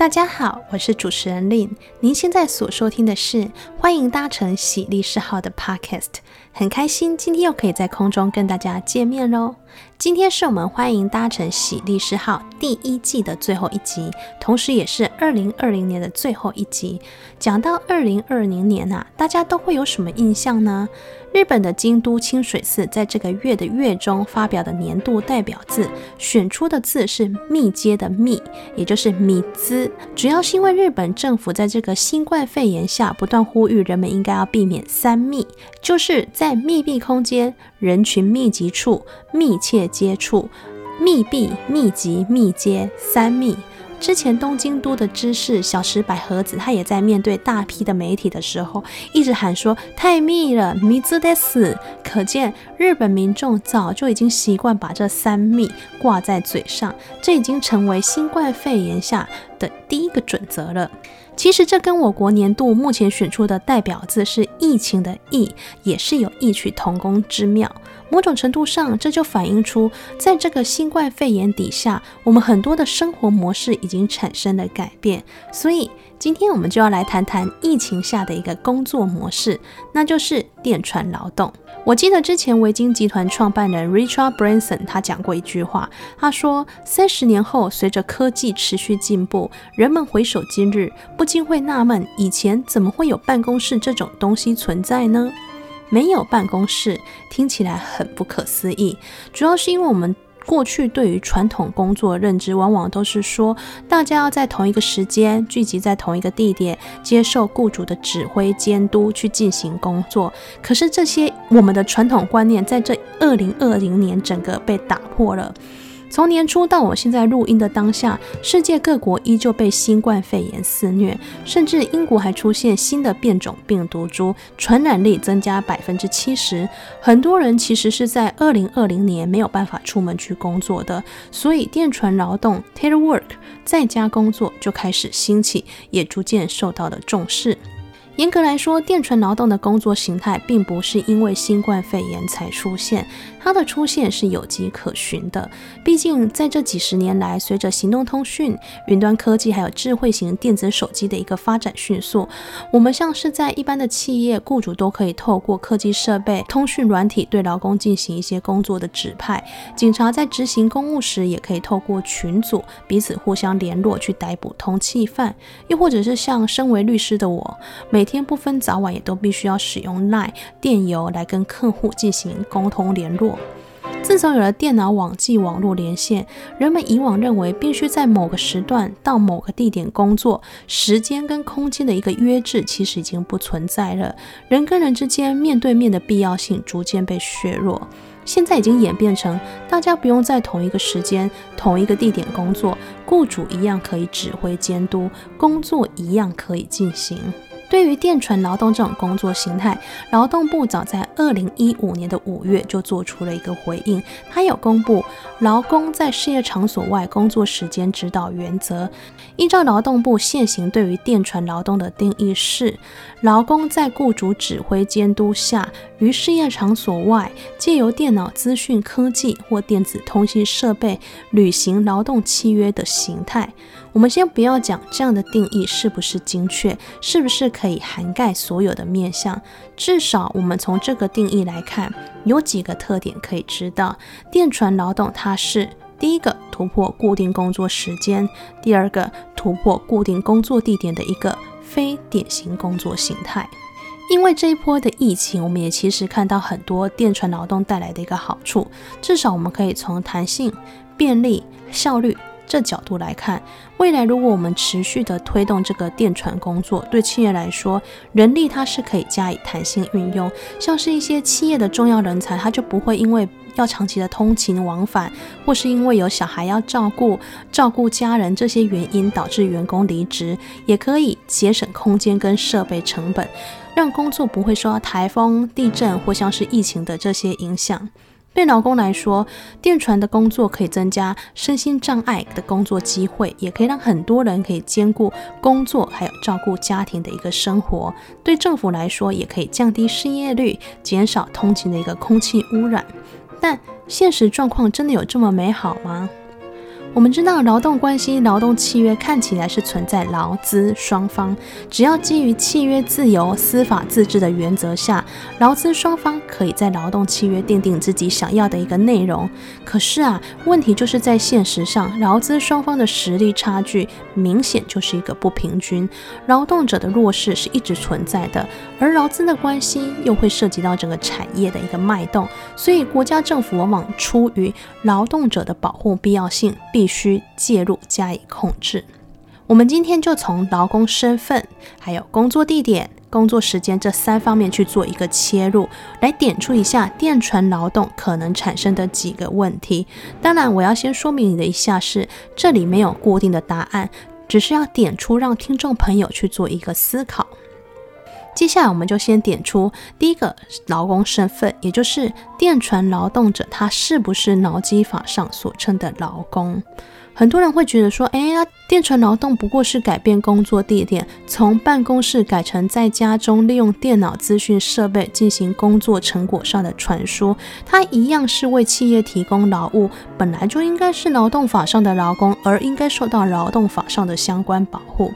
大家好，我是主持人 Lynne。您現在所收聽的是，歡迎搭乘喜力士號的 Podcast，很開心今天又可以在空中跟大家見面嘍。今天是我們歡迎搭乘喜力士號第一季的最後一集，同時也是二零二零年的最後一集。講到二零二零年啊，大家都會有什麼印象呢？日本的京都清水寺在這個月的月中發表的年度代表字，選出的字是“密接”的“密”，也就是“米茲”。主要是因為日本政府在這個新冠肺炎下不斷呼。與人們應該要避免三密，就是在密閉空間、人群密集處、密切接觸，密閉、密集、密接三密。之前東京都的知事小池百合子，她也在面對大批的媒體的時候，一直喊說太密了，密茲得死。可見日本民眾早就已經習慣把這三密掛在嘴上，這已經成為新冠肺炎下的第一個準則了。其實這跟我國年度目前選出的代表字是“疫情”的“疫”，也是有異曲同工之妙。某種程度上，這就反映出，在這個新冠肺炎底下，我們很多的生活模式已經產生了改變。所以，今天我們就要來談談疫情下的一個工作模式，那就是電傳勞動。我記得之前維京集團創辦人 Richard Branson 他講過一句話，他說：“三十年後，隨着科技持續進步，人們回首今日，不禁會納悶，以前怎麼會有辦公室這種東西存在呢？”沒有辦公室，聽起來很不可思議。主要是因為我們過去對於傳統工作認知，往往都是說大家要在同一個時間聚集在同一個地點，接受雇主的指揮監督去進行工作。可是這些我們的傳統觀念，在這2020年整個被打破了。從年初到我現在錄音的當下，世界各國依舊被新冠肺炎肆虐，甚至英國還出現新的變種病毒株，傳染力增加百分之七十。很多人其實是在二零二零年沒有辦法出門去工作的，所以電傳勞動 （telework，在家工作）就開始興起，也逐漸受到了重視。嚴格來說，電傳勞動的工作形態並不是因為新冠肺炎才出現。它的出現是有跡可循的，畢竟在這幾十年來，隨着行動通訊、雲端科技還有智慧型電子手機的一個發展迅速，我們像是在一般的企業，雇主都可以透過科技設備、通訊軟體對勞工進行一些工作的指派；警察在執行公務時也可以透過群組彼此互相聯絡去逮捕通緝犯；又或者是像身為律師的我，每天不分早晚也都必須要使用 Line 電郵來跟客戶進行溝通聯絡。自從有了電腦、網際網絡連線，人們以往認為必須在某個時段到某個地點工作，時間跟空間的一個約制其實已經不存在了。人跟人之間面對面的必要性逐漸被削弱，現在已經演變成大家不用在同一個時間、同一個地點工作，雇主一樣可以指揮監督，工作一樣可以進行。對於電傳勞動這種工作形態，勞動部早在二零一五年的五月就做出了一個回應，它有公布《勞工在事業場所外工作時間指導原則》。依照勞動部現行對於電傳勞動的定義是，勞工在雇主指揮監督下。於事業場所外，藉由電腦資訊科技或電子通信設備履行勞動契約的形態。我們先不要講這樣的定義是不是精確，是不是可以涵蓋所有的面向。至少我們從這個定義來看，有幾個特點可以知道：電傳勞動它是第一個突破固定工作時間，第二個突破固定工作地點的一個非典型工作形態。因為這一波的疫情，我們也其實看到很多電傳勞動帶來的一個好處。至少我們可以從彈性、便利、效率這角度來看，未來如果我們持續的推動這個電傳工作，對企業來說，人力它是可以加以彈性運用。像是一些企業的重要人才，他就不會因為要長期的通勤往返，或是因為有小孩要照顧、照顧家人這些原因，導致員工離職，也可以節省空間跟設備成本。讓工作不會受到台風、地震或像是疫情的這些影響。對勞工來說，電傳的工作可以增加身心障礙的工作機會，也可以讓很多人可以兼顧工作還有照顧家庭的一個生活。對政府來說，也可以降低失業率，減少通勤的一個空氣污染。但現實狀況真的有這麼美好嗎？我們知道，勞動關係、勞動契約看起來是存在勞資雙方。只要基於契約自由、私法自治的原則下，勞資雙方可以在勞動契約訂定自己想要的一個內容。可是啊，問題就是在現實上，勞資雙方的實力差距明顯就是一個不平均，勞動者的弱勢是一直存在的，而勞資的關係又會涉及到整個產業的一個脈動，所以國家政府往往出於勞動者的保護必要性，必須介入加以控制。我們今天就從勞工身份，還有工作地點，工作時間這三方面去做一個切入，來點出一下電傳勞動，可能產生的幾個問題。當然，我要先說明你的一下是，這裡沒有固定的答案，只是要點出，讓聽眾朋友去做一個思考。接下來，我們就先點出第一個勞工身份，也就是電傳勞動者，他是不是勞基法上所稱的勞工？很多人會覺得說，哎、欸、呀，電傳勞動不過是改變工作地點，從辦公室改成在家中，利用電腦資訊設備進行工作成果上的傳輸，他一樣是為企業提供勞務，本來就應該是勞動法上的勞工，而應該受到勞動法上的相關保護。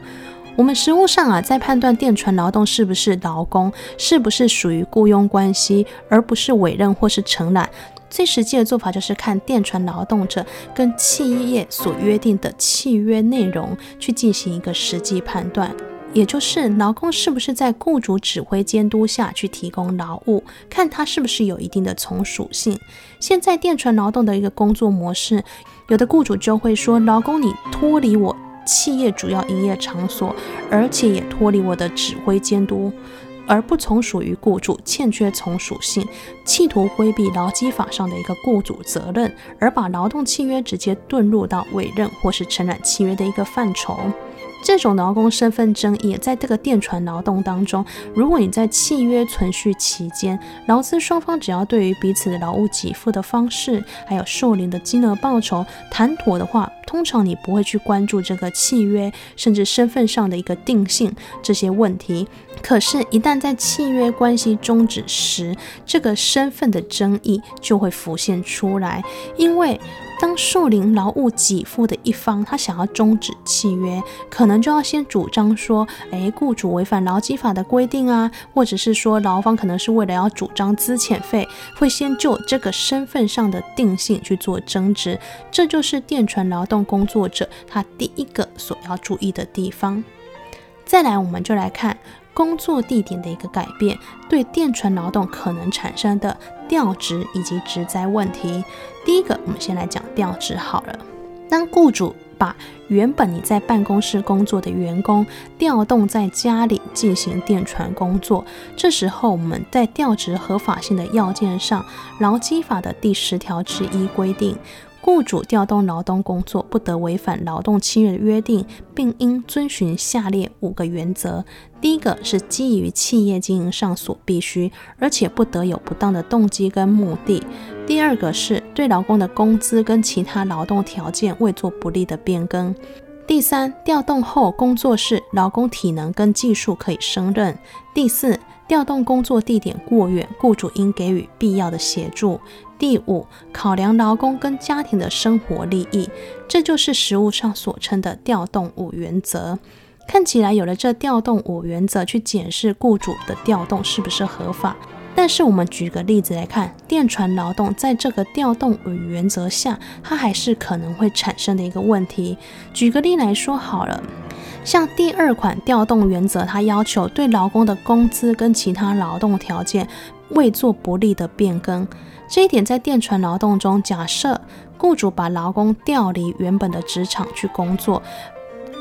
我們實務上啊，在判斷電傳勞動是不是勞工，是不是屬於僱傭關係，而不是委任或是承攬，最實際的做法就是看電傳勞動者跟企業所約定的契約內容去進行一個實際判斷，也就是勞工是不是在雇主指揮監督下去提供勞務，看他是不是有一定的從屬性。現在電傳勞動的一個工作模式，有的雇主就會說：“勞工，你脫離我。”企業主要營業場所，而且也脫離我的指揮監督，而不從屬於雇主，欠缺從屬性，企圖規避勞基法上的一個雇主責任，而把勞動契約直接遁入到委任或是承攬契約的一個範疇。這種勞工身份爭議，在這個電傳勞動當中，如果你在契約存續期間，勞資雙方只要對於彼此的勞務給付的方式，還有受領的金額報酬談妥的話，通常你不會去關注這個契約甚至身份上的一個定性這些問題。可是，一旦在契約關係終止時，這個身份的爭議就會浮現出來，因為，當受領勞務給付的一方，他想要終止契約，可能就要先主張說，哎，僱主違反勞基法的規定啊，或者是說，勞方可能是為了要主張資遣費，會先就這個身份上的定性去做爭執。這就是電傳勞動工作者他第一個所要注意的地方。再來，我們就來看工作地點的一個改變，對電傳勞動可能產生的調職以及職災問題。第一個，我們先來講調職好了。當雇主把原本你在辦公室工作的員工調動在家裡進行電傳工作，這時候我們在調職合法性的要件上，《勞基法》的第十條之一規定，雇主調動勞動工作不得違反勞動契約的約定，並應遵循下列五個原則：第一個是基於企業經營上所必須，而且不得有不當的動機跟目的。第二個是對勞工的工資跟其他勞動條件未做不利的變更。第三，調動後工作是勞工體能跟技術可以勝任。第四，調動工作地點過遠，雇主應給予必要的協助。第五，考量勞工跟家庭的生活利益，這就是實務上所稱的調動五原則。看起來有了這調動五原則去檢視雇主的調動是不是合法。但是我們舉個例子來看，電傳勞動在這個調動五原則下，它還是可能會產生的一個問題。舉個例來說好了，像第二款調動原則，它要求對勞工的工資跟其他勞動條件未做不利的變更。這一點在電傳勞動中，假設雇主把勞工調離原本的職場去工作。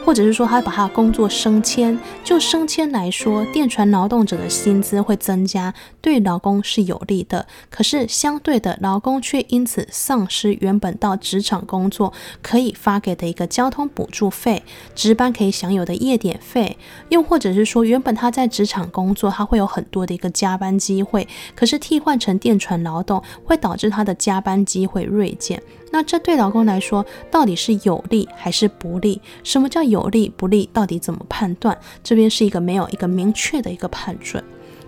或者是說，他把他工作升遷。就升遷來說，電傳勞動者的薪資會增加，對勞工是有利的。可是相對的，勞工卻因此喪失原本到職場工作可以發給的一個交通補助費，值班可以享有的夜點費，又或者是說，原本他在職場工作，他會有很多的一個加班機會。可是替換成電傳勞動，會導致他的加班機會銳減。那這對勞工來說，到底是有利還是不利？什麼叫有利、不利？到底怎麼判斷？這邊是一個沒有一個明確的一個判準。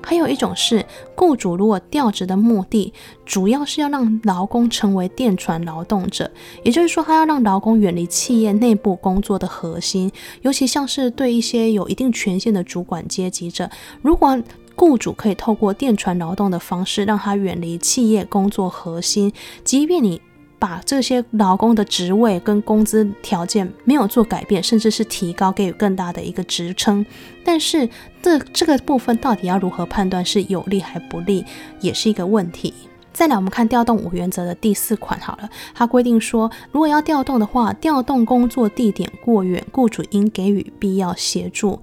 還有一種是，雇主如果調職的目的，主要是要讓勞工成為電傳勞動者，也就是說，他要讓勞工遠離企業內部工作的核心，尤其像是對一些有一定權限的主管階級者，如果雇主可以透過電傳勞動的方式，讓他遠離企業工作核心，即便你。把這些勞工的職位跟工資條件沒有做改變，甚至是提高，給予更大的一個職稱，但是這這個部分到底要如何判斷是有利還不利，也是一個問題。再來，我們看調動五原則的第四款好了，它規定說，如果要調動的話，調動工作地點過遠，雇主應給予必要協助。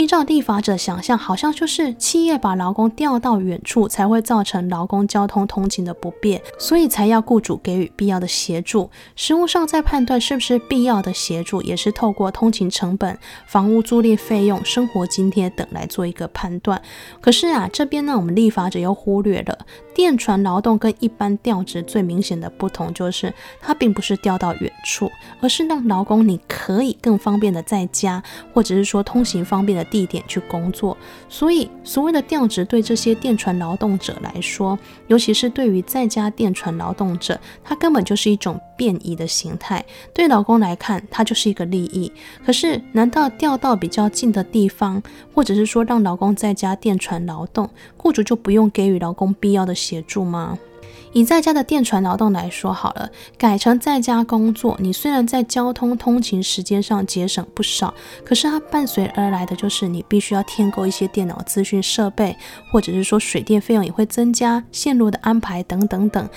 依照立法者想象，好像就是企業把勞工調到遠處才會造成勞工交通通勤的不便，所以才要雇主給予必要的協助。實務上，在判斷是不是必要的協助，也是透過通勤成本、房屋租賃費用、生活津貼等來做一個判斷。可是啊，這邊呢，我們立法者又忽略了電傳勞動跟一般調職最明顯的不同就是，它並不是調到遠處，而是讓勞工你可以更方便的在家，或者是說通行方便的地點去工作，所以所謂的調職，對這些電傳勞動者來說，尤其是對於在家電傳勞動者，他根本就是一種便宜的形態。對勞工來看，它就是一個利益。可是，難道調到比較近的地方，或者是說讓勞工在家電傳勞動，雇主就不用給予勞工必要的協助嗎？以在家的電傳勞動來說，好了，改成在家工作，你雖然在交通通勤時間上節省不少，可是它伴隨而來的就是你必須要添購一些電腦資訊設備，或者是說水電費用也會增加，線路的安排等等等，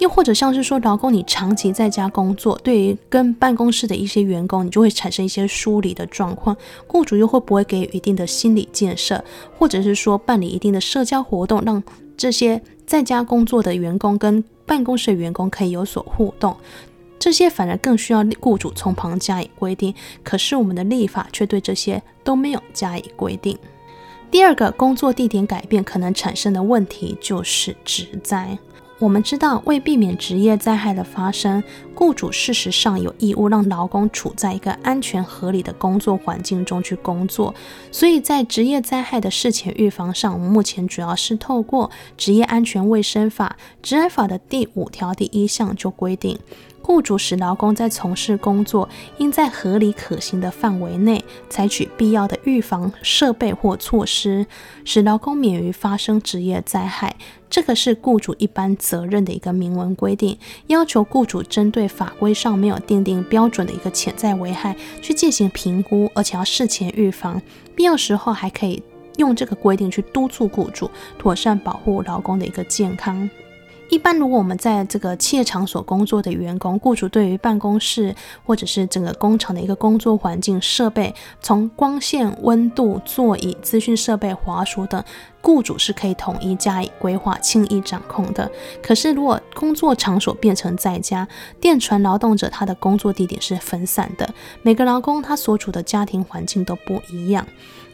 又或者像是說，勞工你長期在家工作，對於跟辦公室的一些員工，你就會產生一些疏離的狀況，雇主又會不會給予一定的心理建設，或者是說辦理一定的社交活動，讓這些在家工作的員工跟辦公室員工可以有所互動，這些反而更需要雇主從旁加以規定。可是我們的立法卻對這些都沒有加以規定。第二個工作地點改變可能產生的問題就是職災。我們知道，為避免職業災害的發生，雇主事實上有義務讓勞工處在一個安全合理的工作環境中去工作。所以，在職業災害的事前預防上，我們目前主要是透過《職業安全衛生法》《治安法》的第五條第一項就規定，雇主使勞工在從事工作，應在合理可行的範圍內，採取必要的預防設備或措施，使勞工免於發生職業災害。這個是雇主一般責任的一個明文規定，要求雇主針對法規上沒有定定標準的一個潛在危害去進行評估，而且要事前預防，必要時候還可以用這個規定去督促雇主妥善保護勞工的一個健康。一般，如果我們在這個企業場所工作的員工，雇主對於辦公室或者是整個工廠的一個工作環境、設備，從光線、溫度、座椅、資訊設備、滑鼠等，雇主是可以統一加以規劃、輕易掌控的。可是，如果工作場所變成在家，電傳勞動者他的工作地點是分散的，每個勞工他所處的家庭環境都不一樣。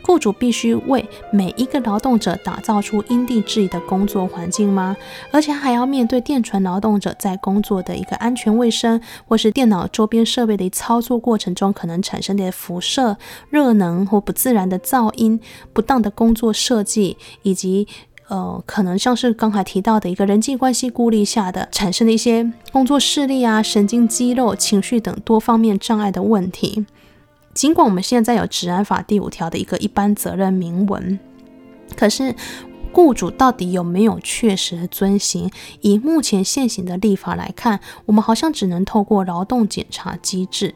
雇主必須為每一個勞動者打造出因地制宜的工作環境嗎？而且還要面對電傳勞動者在工作的一個安全衛生，或是電腦周邊設備的一操作過程中可能產生的輻射、熱能或不自然的噪音、不當的工作設計，以及呃，可能像是剛才提到的一個人際關係孤立下的產生的一些工作視力啊、神經肌肉、情緒等多方面障礙的問題。儘管我們現在有《職安法》第五條的一個一般責任明文，可是雇主到底有沒有確實遵行？以目前現行的立法來看，我們好像只能透過勞動檢查機制。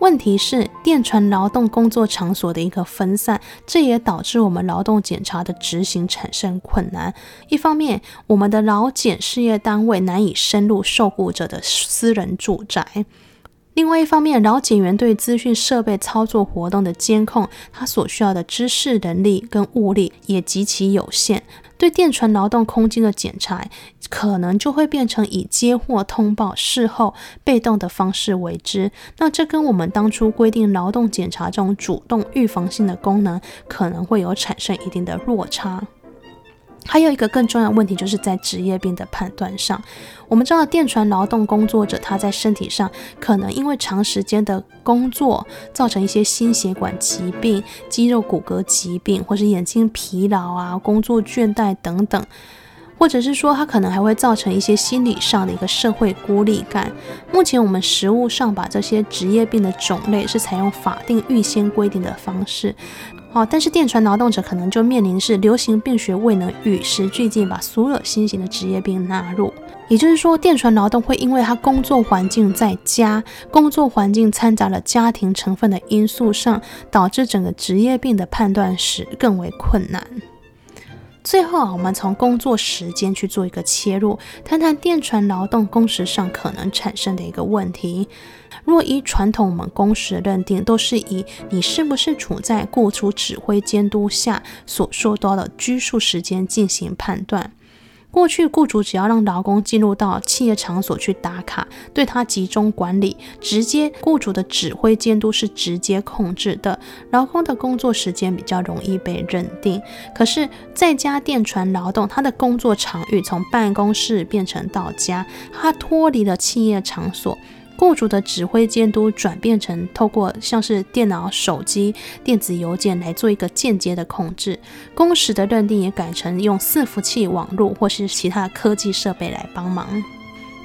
問題是，電傳勞動工作場所的一個分散，這也導致我們勞動檢查的執行產生困難。一方面，我們的勞檢事業單位難以深入受雇者的私人住宅。另外一方面，勞檢員對資訊設備操作活動的監控，他所需要的知識能力跟物力也極其有限。對電傳勞動空間的檢查，可能就會變成以接獲通報、事後被動的方式為之。那這跟我們當初規定勞動檢查這種主動預防性的功能，可能會有產生一定的落差。還有一個更重要的問題，就是在職業病的判斷上。我們知道，電傳勞動工作者他在身體上可能因為長時間的工作，造成一些心血管疾病、肌肉骨骼疾病，或是眼睛疲勞啊、工作倦怠等等。或者是說，它可能還會造成一些心理上的一個社會孤立感。目前我們實務上把這些職業病的種類是採用法定預先規定的方式，哦，但是電傳勞動者可能就面臨是流行病學未能與時俱進，把所有新型的職業病納入。也就是說，電傳勞動會因為它工作環境在家，工作環境摻雜了家庭成分的因素上，導致整個職業病的判斷時更為困難。最後啊，我們從工作時間去做一個切入，談談電傳勞動工時上可能產生的一個問題。若依傳統我們工時認定，都是以你是不是處在僱主指揮監督下所受到的拘束時間進行判斷。過去，雇主只要讓勞工進入到企業場所去打卡，對他集中管理，直接雇主的指揮監督是直接控制的，勞工的工作時間比較容易被認定。可是，在家電傳勞動，他的工作場域從辦公室變成到家，他脫離了企業場所。雇主的指揮監督轉變成透過像是電腦、手機、電子郵件來做一個間接的控制，工時的認定也改成用伺服器網絡或是其他的科技設備來幫忙。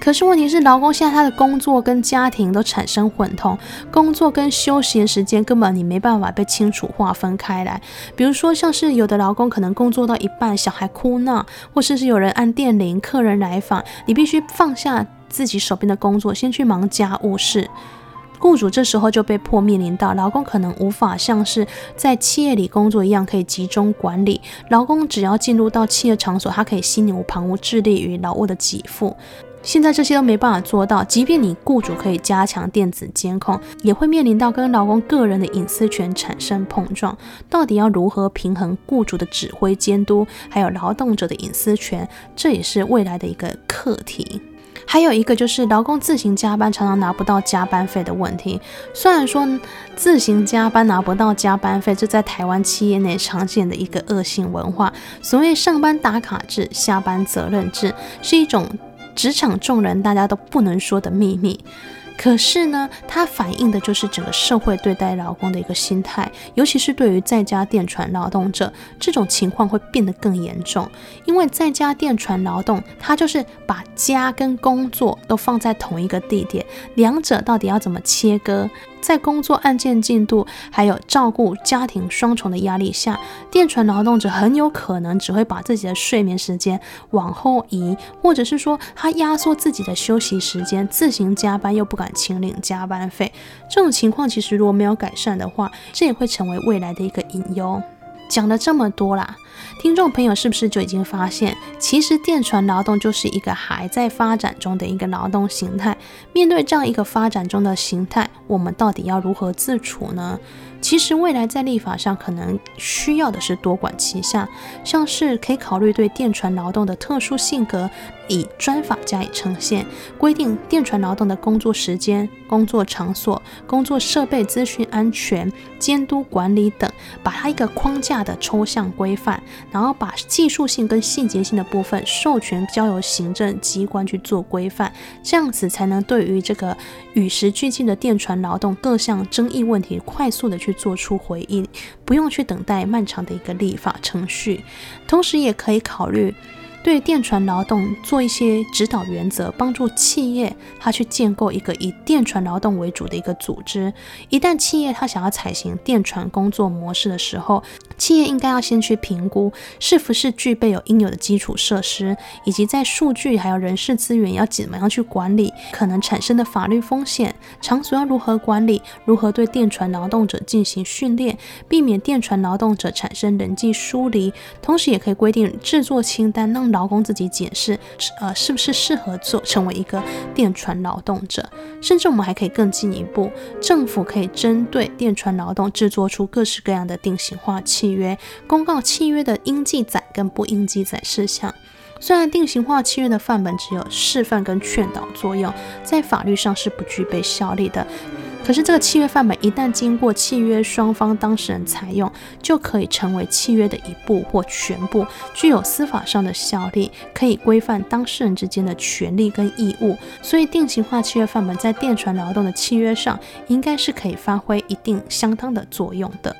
可是問題是，勞工現在他的工作跟家庭都產生混同，工作跟休閒時間根本你沒辦法被清楚劃分開來。比如說，像是有的勞工可能工作到一半，小孩哭鬧，或是是有人按電鈴，客人來訪，你必須放下。自己手邊的工作，先去忙家務事。雇主這時候就被迫面臨到，勞工可能無法像是在企業裡工作一樣，可以集中管理。勞工只要進入到企業場所，他可以心無旁騖，致力於勞務的給付。現在這些都沒辦法做到。即便你雇主可以加強電子監控，也會面臨到跟勞工個人的隱私權產生碰撞。到底要如何平衡雇主的指揮監督，還有勞動者的隱私權？這也是未來的一個課題。還有一個就是勞工自行加班常常拿不到加班費的問題。雖然說自行加班拿不到加班費，這在台灣企業內常見的一個惡性文化。所謂上班打卡制、下班責任制，是一種職場眾人大家都不能說的秘密。可是呢，它反映的就是整個社會對待勞工的一個心態，尤其是對於在家電傳勞動者，這種情況會變得更嚴重。因為在家電傳勞動，它就是把家跟工作都放在同一個地點，兩者到底要怎麼切割？在工作案件進度還有照顧家庭雙重的壓力下，電傳勞動者很有可能只會把自己的睡眠時間往後移，或者是說他壓縮自己的休息時間，自行加班又不敢請領加班費。這種情況其實如果沒有改善的話，這也會成為未來的一個隱憂。講了這麼多啦，聽眾朋友是不是就已經發現，其實電傳勞動就是一個還在發展中的一個勞動形態？面對這樣一個發展中的形態，我們到底要如何自處呢？其實未來在立法上可能需要的是多管齊下，像是可以考慮對電傳勞動的特殊性格。以專法加以呈現，規定電傳勞動的工作時間、工作場所、工作設備、資訊安全、監督管理等，把它一個框架的抽象規範，然後把技術性跟細節性的部分授權交由行政機關去做規範，這樣子才能對於這個與時俱進的電傳勞動各項爭議問題快速的去做出回應，不用去等待漫長的一個立法程序。同時也可以考慮。對於電傳勞動做一些指導原則，幫助企業他去建構一個以電傳勞動為主的一個組織。一旦企業他想要採行電傳工作模式的時候，企業應該要先去評估是不是具備有應有的基礎設施，以及在數據還有人事資源要怎麼樣去管理，可能產生的法律風險，場所要如何管理，如何對電傳勞動者進行訓練，避免電傳勞動者產生人際疏離。同時也可以規定制作清單讓。勞工自己解釋，呃，是不是適合做成為一個電傳勞動者？甚至我們還可以更進一步，政府可以針對電傳勞動制作出各式各樣的定型化契約，公告契約的應記載跟不應記載事項。雖然定型化契約的範本只有示範跟勸導作用，在法律上是不具備效力的。可是，這個契約範本一旦經過契約雙方當事人採用，就可以成為契約的一部或全部，具有司法上的效力，可以規範當事人之間的權利跟義務。所以，定型化契約範本在電傳勞動的契約上，應該是可以發揮一定相當的作用的。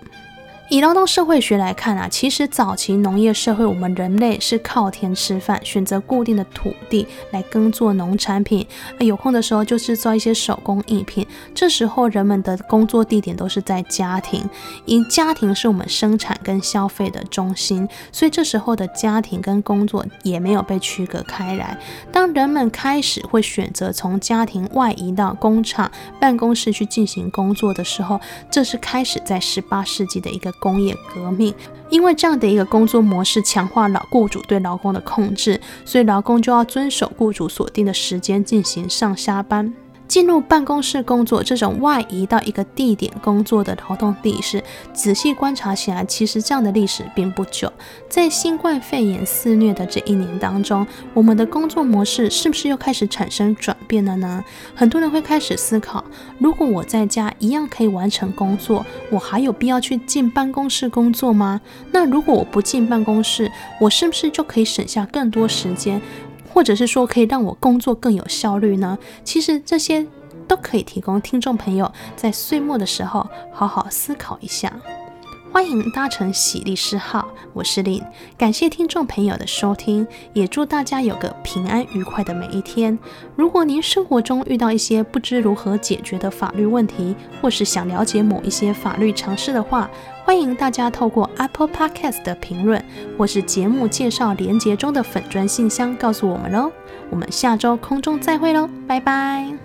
以勞動社會學來看啊，其實早期農業社會，我們人類是靠天吃飯，選擇固定的土地來耕作農產品。那、呃、有空的時候就是做一些手工藝品。這時候人們的工作地點都是在家庭，因家庭是我們生產跟消費的中心，所以這時候的家庭跟工作也沒有被區隔開來。當人們開始會選擇從家庭外移到工廠、辦公室去進行工作的時候，這是開始在十八世紀的一個。工業革命，因為這樣的一個工作模式強化了僱主對勞工的控制，所以勞工就要遵守僱主所定的時間進行上下班。進入辦公室工作，這種外移到一個地點工作的勞動歷史，仔細觀察起來，其實這樣的歷史並不久。在新冠肺炎肆虐的這一年當中，我們的工作模式是不是又開始產生轉變了呢？很多人會開始思考：如果我在家一樣可以完成工作，我還有必要去進辦公室工作嗎？那如果我不進辦公室，我是不是就可以省下更多時間？或者是說可以讓我工作更有效率呢？其實這些都可以提供聽眾朋友在歲末的時候好好思考一下。歡迎搭乘喜利斯號，我是 Lynne。感謝聽眾朋友的收聽，也祝大家有個平安愉快的每一天。如果您生活中遇到一些不知如何解決的法律問題，或是想了解某一些法律常識的話，歡迎大家透過 Apple Podcast 的評論，或是節目介紹連結中的粉專信箱告訴我們嘍。我們下周空中再會嘍，拜拜。